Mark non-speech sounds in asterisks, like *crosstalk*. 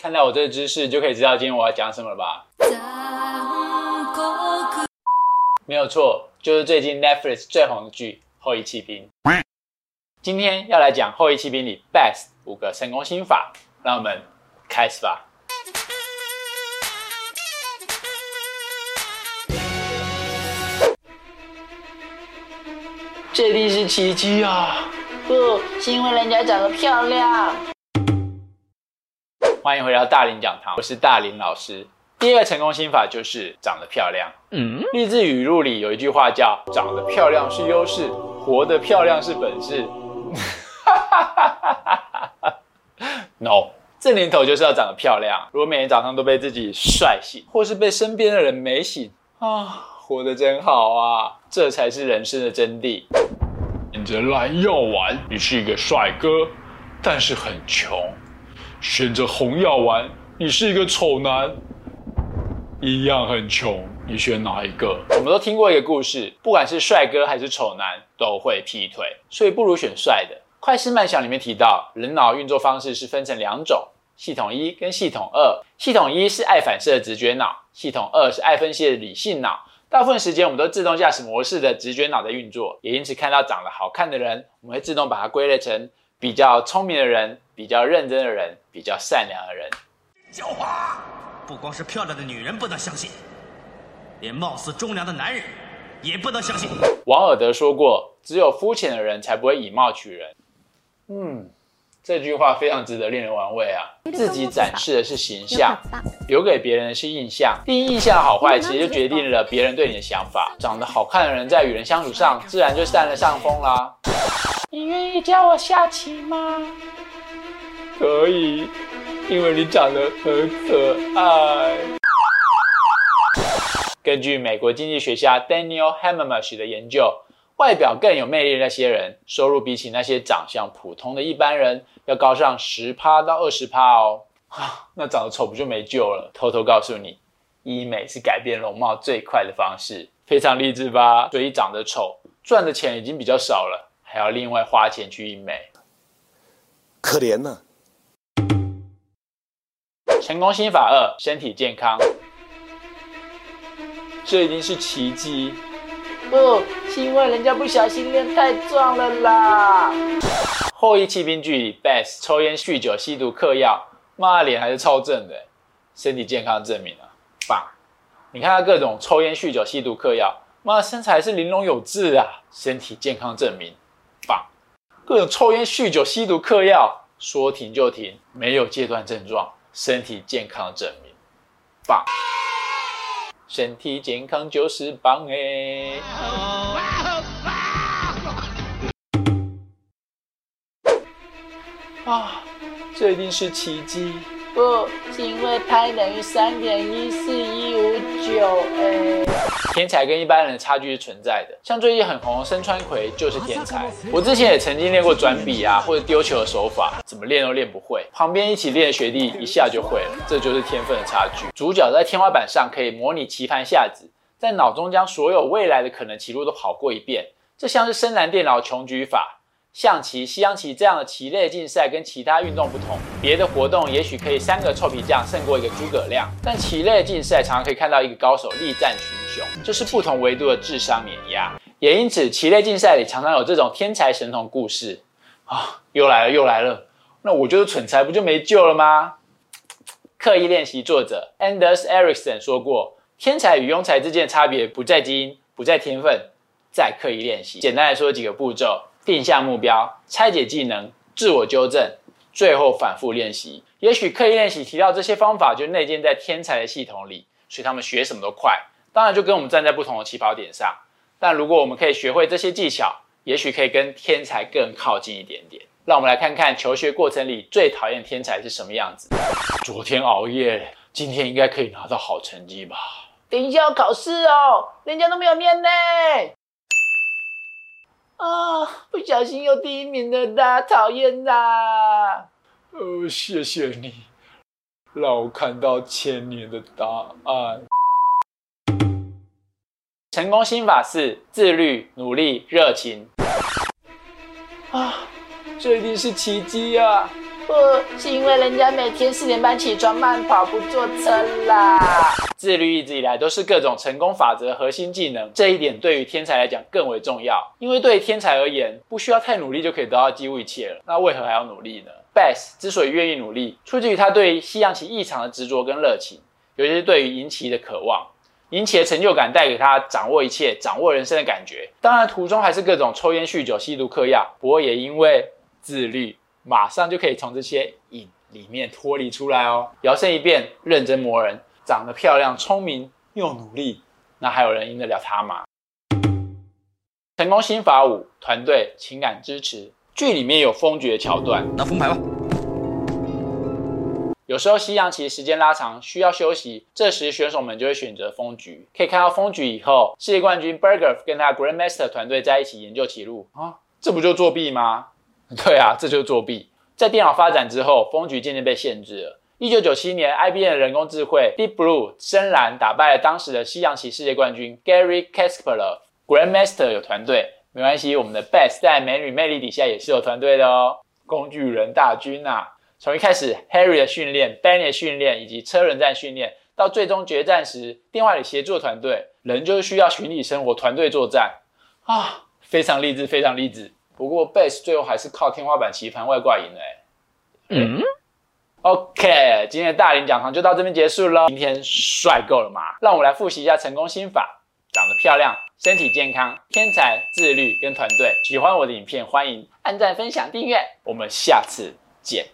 看到我這個姿勢就可以知道今天我要講什麼了吧？沒有錯，就是最近 Netflix 最紅的劇《後翼棄兵》。今天要來講《後翼棄兵》裡 Beth 五個成功心法，讓我們開始吧。這地是奇蹟啊！不是因為人家長得漂亮。歡迎回到大林講堂，我是大林老師。第一個成功心法就是長得漂亮。嗯，勵志語錄裡有一句話叫“長得漂亮是優勢，活得漂亮是本事。” *laughs* No，這年頭就是要長得漂亮。如果每天早上都被自己帥醒，或是被身邊的人美醒，啊，活得真好啊，這才是人生的真諦。你這藍藥丸，你是一個帥哥，但是很窮。選擇紅藥丸，你是一個醜男，一樣很窮，你選哪一個？我們都聽過一個故事，不管是帥哥還是醜男都會劈腿，所以不如選帥的。快思慢想裡面提到，人腦運作方式是分成兩種，系統一跟系統二。系統一是愛反射的直覺腦，系統二是愛分析的理性腦。大部分時間我們都自動駕駛模式的直覺腦在運作，也因此看到長得好看的人，我們會自動把它歸類成比較聰明的人，比較認真的人，比較善良的人。狡猾，不光是漂亮的女人不能相信，連貌似忠良的男人也不能相信。王爾德說過：“只有膚淺的人才不會以貌取人。”嗯，這句話非常值得令人玩味啊。自己展示的是形象，留給別人的是印象。第一印象的好壞，其實就決定了別人對你的想法。長得好看的人，在與人相處上，自然就占了上風啦。你願意教我下棋嗎？可以，因為你長得很可愛。根據美國經濟學家 Daniel Hamermesh 的研究，外表更有魅力的那些人，收入比起那些長相普通的一般人，要高上十趴到二十趴哦。那長得醜不就沒救了？偷偷告訴你，醫美是改變容貌最快的方式，非常勵志吧？所以長得醜，賺的錢已經比較少了。還要另外花錢去醫美，可憐呢、啊？成功心法二：身體健康，這一定是奇蹟。不、哦，是因為人家不小心練太壯了啦。後翼棄兵劇 Beth 抽煙、酗酒、吸毒、嗑藥，媽的臉還是超正的、欸。身體健康證明啊，爸，你看他各種抽煙、酗酒、吸毒、嗑藥，媽的身材是玲瓏有致啊。身體健康證明。棒，各種抽菸、酗酒、吸毒、嗑藥，說停就停，沒有戒斷症狀，身體健康證明，棒，啊、身體健康就是棒哎。啊，這一定是奇跡。不，是因為 π 等於三點一四一五九誒。天才跟一般人的差距是存在的，像最近很紅的深川葵就是天才。我之前也曾經練過轉筆啊或者丟球的手法，怎麼練都練不會，旁邊一起練的學弟一下就會了，這就是天分的差距。主角在天花板上可以模擬棋盤下子，在腦中將所有未來的可能棋路都跑過一遍，這像是深藍電腦窮舉法。象棋、西洋棋這樣的棋類競賽跟其他運動不同，別的活動也許可以三個臭皮匠勝過一個諸葛亮，但棋類競賽常常可以看到一個高手力戰群雄，這、就是不同維度的智商碾壓。也因此，棋類競賽裡常常有這種天才神童故事。啊，又來了又來了，那我就是蠢材，不就沒救了嗎？刻意練習，作者 Anders Ericsson 說過，天才與庸才之間的差別不在基因，不在天分，在刻意練習。簡單來說，幾個步驟。定下目標，拆解技能，自我糾正，最後反復練習。也許刻意練習提到這些方法，就內建在天才的系統裡，所以他們學什麼都快。當然，就跟我們站在不同的起跑點上。但如果我們可以學會這些技巧，也許可以跟天才更靠近一點點。讓我們來看看求學過程裡最討厭天才是什麼樣子的。昨天熬夜，今天應該可以拿到好成績吧？等一下要考試哦，人家都沒有念嘞。啊、哦！不小心又第一名的他，討厭啦！呃，謝謝你，讓我看到千年的答案。成功心法是自律、努力、熱情。啊，這一定是奇蹟啊。不是因為人家每天四點半起床慢跑，不坐車啦。自律一直以來都是各種成功法則的核心技能，這一點對於天才來講更為重要。因為對於天才而言，不需要太努力就可以得到幾乎一切了，那為何還要努力呢？Beth 之所以願意努力，出自於他對於西洋棋異常的執着跟熱情，尤其是對於贏棋的渴望。贏棋的成就感帶給他掌握一切、掌握人生的感覺。當然，途中還是各種抽煙、酗酒、吸毒、嗑藥，不過也因為自律，馬上就可以從這些癮裡面脫離出來哦，搖身一變，認真磨人。長得漂亮、聰明又努力，那還有人贏得了他嗎？成功心法五：團隊情感支持。劇裡面有封局的橋段，那封牌吧。有時候西洋棋時間拉長，需要休息，這時選手們就會選擇封局。可以看到封局以後，世界冠軍 Berger 跟他 Grandmaster 團隊在一起研究棋路。啊，這不就作弊嗎？對啊，這就是作弊。在電腦發展之後，封局漸漸被限制了。一九九七年，IBM 的人工智慧 Deep Blue 深藍打敗了當時的西洋棋世界冠軍 Gary Kasparov Grandmaster 有團隊，沒關係，我們的 Beth 在美女魅力底下也是有團隊的哦，工具人大軍啊，從一開始 Harry 的訓練、Benny 的訓練以及車輪戰訓練，到最終決戰時，電話裡協作團隊，人就需要群體生活、團隊作戰啊，非常勵志，非常勵志。不過 Beth 最後還是靠天花板棋盤外掛贏了、欸，嗯。OK，今天的大林講堂就到這邊結束嘍。今天帥夠了嗎？讓我來複習一下成功心法：長得漂亮、身體健康、天才、自律跟團隊。喜歡我的影片，歡迎按讚、分享、訂閱。我們下次見。